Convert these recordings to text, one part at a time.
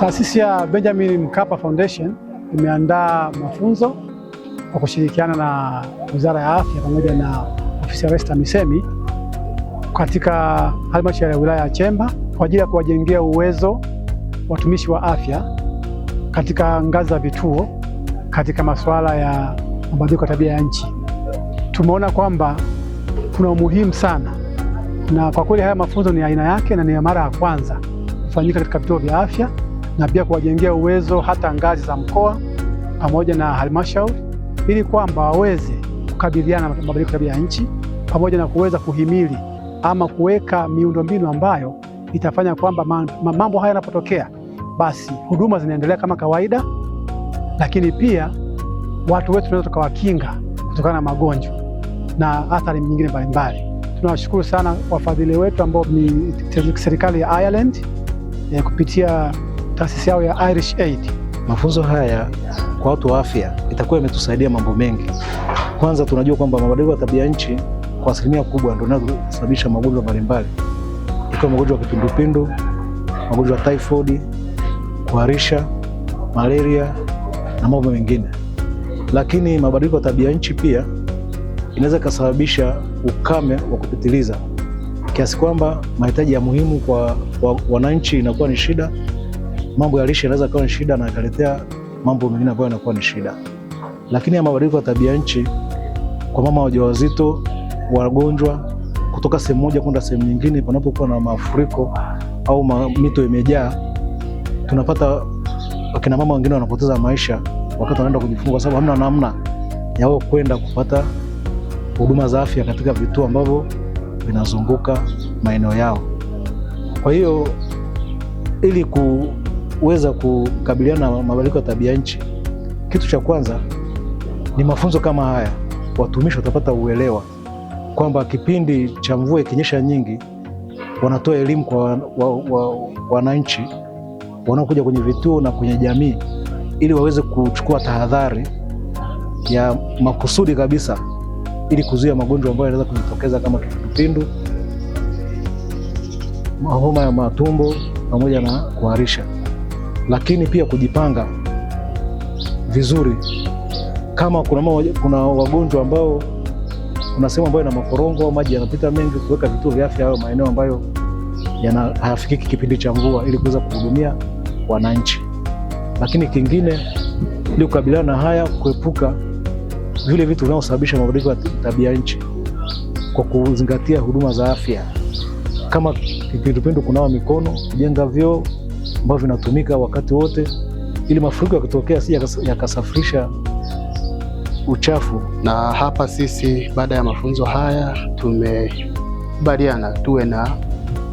Taasisi ya Benjamin Mkapa Foundation imeandaa mafunzo kwa kushirikiana na Wizara ya Afya pamoja na Ofisi ya Rais TAMISEMI katika halmashauri ya wilaya ya Chemba kwa ajili ya kuwajengea uwezo watumishi wa afya katika ngazi za vituo katika masuala ya mabadiliko ya tabia ya nchi. Tumeona kwamba kuna umuhimu sana, na kwa kweli haya mafunzo ni aina yake na ni ya mara ya kwanza kufanyika katika vituo vya afya na pia kuwajengea uwezo hata ngazi za mkoa pamoja na halmashauri ili kwamba waweze kukabiliana na mabadiliko ya tabia ya nchi pamoja na kuweza kuhimili ama kuweka miundombinu ambayo itafanya kwamba mambo haya yanapotokea, basi huduma zinaendelea kama kawaida, lakini pia watu wetu tunaweza tukawakinga kutokana na magonjwa na athari nyingine mbalimbali. Tunawashukuru sana wafadhili wetu ambao ni serikali ya Ireland eh, kupitia taasisi yao ya Irish Aid. Mafunzo haya kwa watu wa afya itakuwa imetusaidia mambo mengi. Kwanza tunajua kwamba mabadiliko ya tabia nchi kwa asilimia kubwa ndio yanayosababisha magonjwa mbalimbali, ikiwa magonjwa ya kipindupindu, magonjwa ya typhoid, kuharisha, malaria na mambo mengine. Lakini mabadiliko ya tabia nchi pia inaweza ikasababisha ukame wa kupitiliza kiasi kwamba mahitaji ya muhimu kwa wananchi inakuwa ni shida mambo ya lishe yanaweza kuwa ni shida na yakaletea mambo mengine ambayo yanakuwa ni shida. Lakini ya mabadiliko ya tabia nchi kwa mama wajawazito, wagonjwa, kutoka sehemu moja kwenda sehemu nyingine, panapokuwa na mafuriko au ma, mito imejaa, tunapata wakina mama wengine wanapoteza maisha wakati wanaenda kujifungua, kwa sababu hamna namna ya wao kwenda kupata huduma za afya katika vituo ambavyo vinazunguka maeneo yao. Kwa hiyo ili ku kuweza kukabiliana na mabadiliko ya tabia nchi, kitu cha kwanza ni mafunzo kama haya. Watumishi watapata uelewa kwamba kipindi cha mvua ikinyesha nyingi, wanatoa elimu kwa wananchi wa, wa, wa wanaokuja kwenye vituo na kwenye jamii, ili waweze kuchukua tahadhari ya makusudi kabisa, ili kuzuia magonjwa ambayo yanaweza kujitokeza kama kipindupindu, homa ya matumbo pamoja na kuharisha lakini pia kujipanga vizuri. Kama kuna, kuna wagonjwa ambao kuna sehemu ambayo ina makorongo au maji yanapita mengi, kuweka vituo vya afya hayo maeneo ambayo hayafikiki kipindi cha mvua, ili kuweza kuhudumia wananchi. Lakini kingine ili kukabiliana na haya, kuepuka vile vitu vinavyosababisha mabadiliko ya tabia nchi kwa kuzingatia huduma za afya kama kipindupindu, kunawa mikono, kujenga vyoo ambavyo vinatumika wakati wote, ili mafuriko yakitokea si yakasafirisha uchafu. Na hapa sisi baada ya mafunzo haya tumekubaliana tuwe na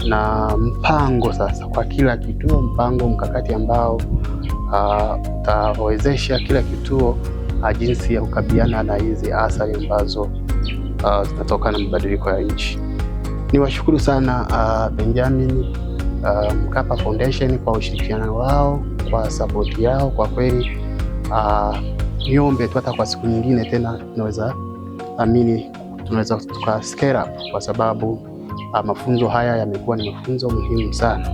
na mpango sasa kwa kila kituo, mpango mkakati ambao uh, utawezesha kila kituo uh, jinsi ya kukabiliana na hizi athari ambazo ah, zinatokana uh, na mabadiliko ya nchi. Niwashukuru sana uh, Benjamin uh, Mkapa Foundation kwa ushirikiano wao, kwa sapoti yao. Kwa kweli uh, niombe tu hata kwa siku nyingine tena tunaweza amini, tunaweza tuka scale up kwa sababu uh, mafunzo haya yamekuwa ni mafunzo muhimu sana.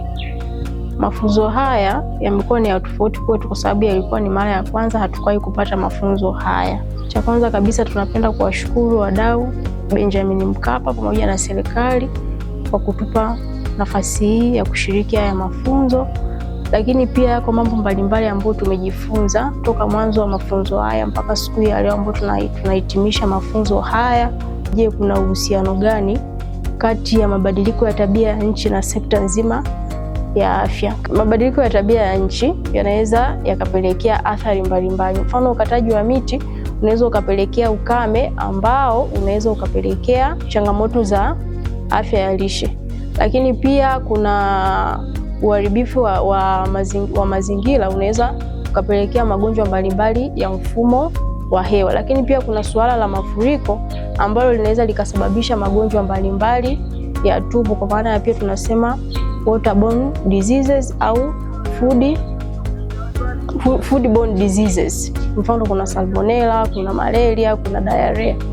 Mafunzo haya yamekuwa ni ya tofauti kwetu kwa sababu yalikuwa ni mara ya kwanza, hatukwahi kupata mafunzo haya. Cha kwanza kabisa tunapenda kuwashukuru wadau Benjamin Mkapa pamoja na serikali kwa kutupa nafasi hii ya kushiriki haya mafunzo, lakini pia yako mambo mbalimbali ambayo tumejifunza toka mwanzo wa mafunzo haya mpaka siku ya leo ambayo tunahitimisha mafunzo haya. Je, kuna uhusiano gani kati ya mabadiliko ya tabia ya nchi na sekta nzima ya afya? Mabadiliko ya tabia ya nchi yanaweza yakapelekea athari mbalimbali. Mfano, ukataji wa miti unaweza ukapelekea ukame ambao unaweza ukapelekea changamoto za afya ya lishe lakini pia kuna uharibifu wa, wa, mazing, wa mazingira unaweza ukapelekea magonjwa mbalimbali ya mfumo wa hewa, lakini pia kuna suala la mafuriko ambalo linaweza likasababisha magonjwa mbalimbali ya tumbo, kwa maana ya pia tunasema waterborne diseases au food foodborne diseases. Mfano kuna salmonella, kuna malaria, kuna diarrhea.